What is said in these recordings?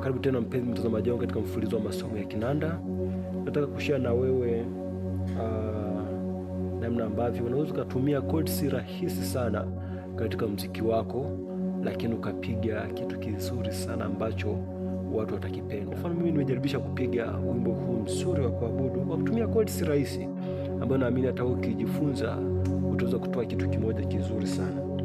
Karibu tena mpenzi mtazamaji wangu katika mfululizo wa masomo ya kinanda. Nataka kushare na wewe ah, namna ambavyo unaweza ukatumia chords rahisi sana katika mziki wako, lakini ukapiga kitu kizuri sana ambacho watu watakipenda. Mfano, mimi nimejaribisha kupiga wimbo huu mzuri wa kuabudu kwa kutumia chords rahisi ambayo naamini hata ukijifunza utaweza kutoa kitu kimoja kizuri sana.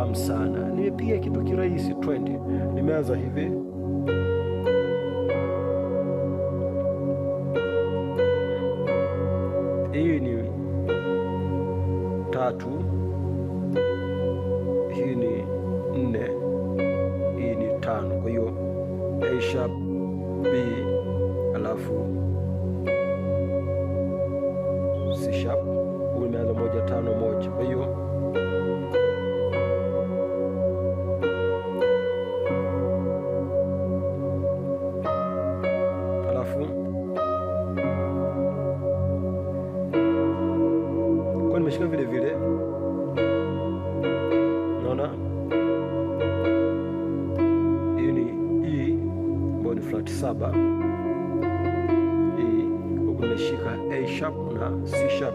tamu sana. Nimepiga kitu kirahisi, twende. Nimeanza hivi hii ni tatu, hii ni nne, hii ni tano. Kwa hiyo A sharp B alafu kidogo vile vile, naona hiyo ni E ambayo ni flat saba e, huku nimeshika A sharp na C sharp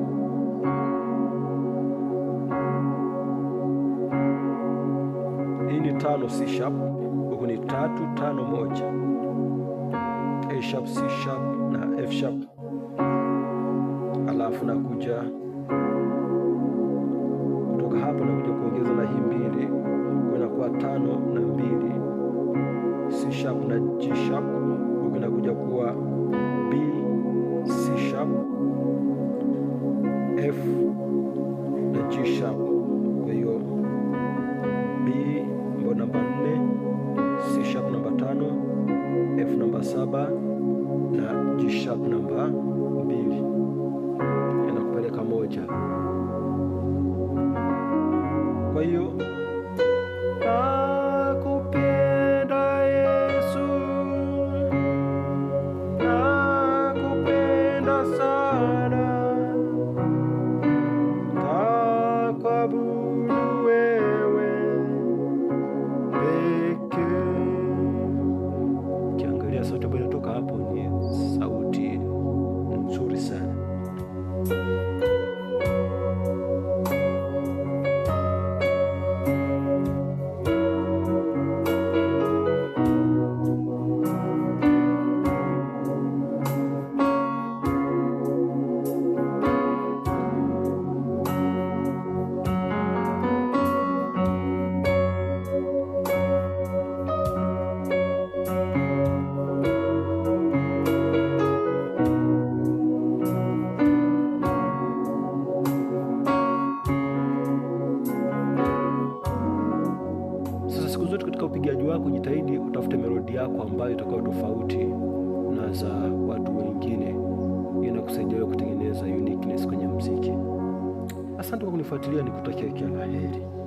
tano C sharp, huku ni tatu tano moja, A sharp, C sharp na F sharp, alafu nakuja kutoka hapo nakuja kuongeza na hii mbili, kunakuwa tano na mbili, C sharp na G sharp saba na G sharp namba mbili inakupeleka moja. Kwa hiyo nakupenda Yesu, nakupenda sana, nakwabu rekodi yako ambayo itakuwa tofauti na za watu wengine. Inakusaidia wewe kutengeneza uniqueness kwenye mziki. Asante kwa kunifuatilia, nikutakia kila la heri.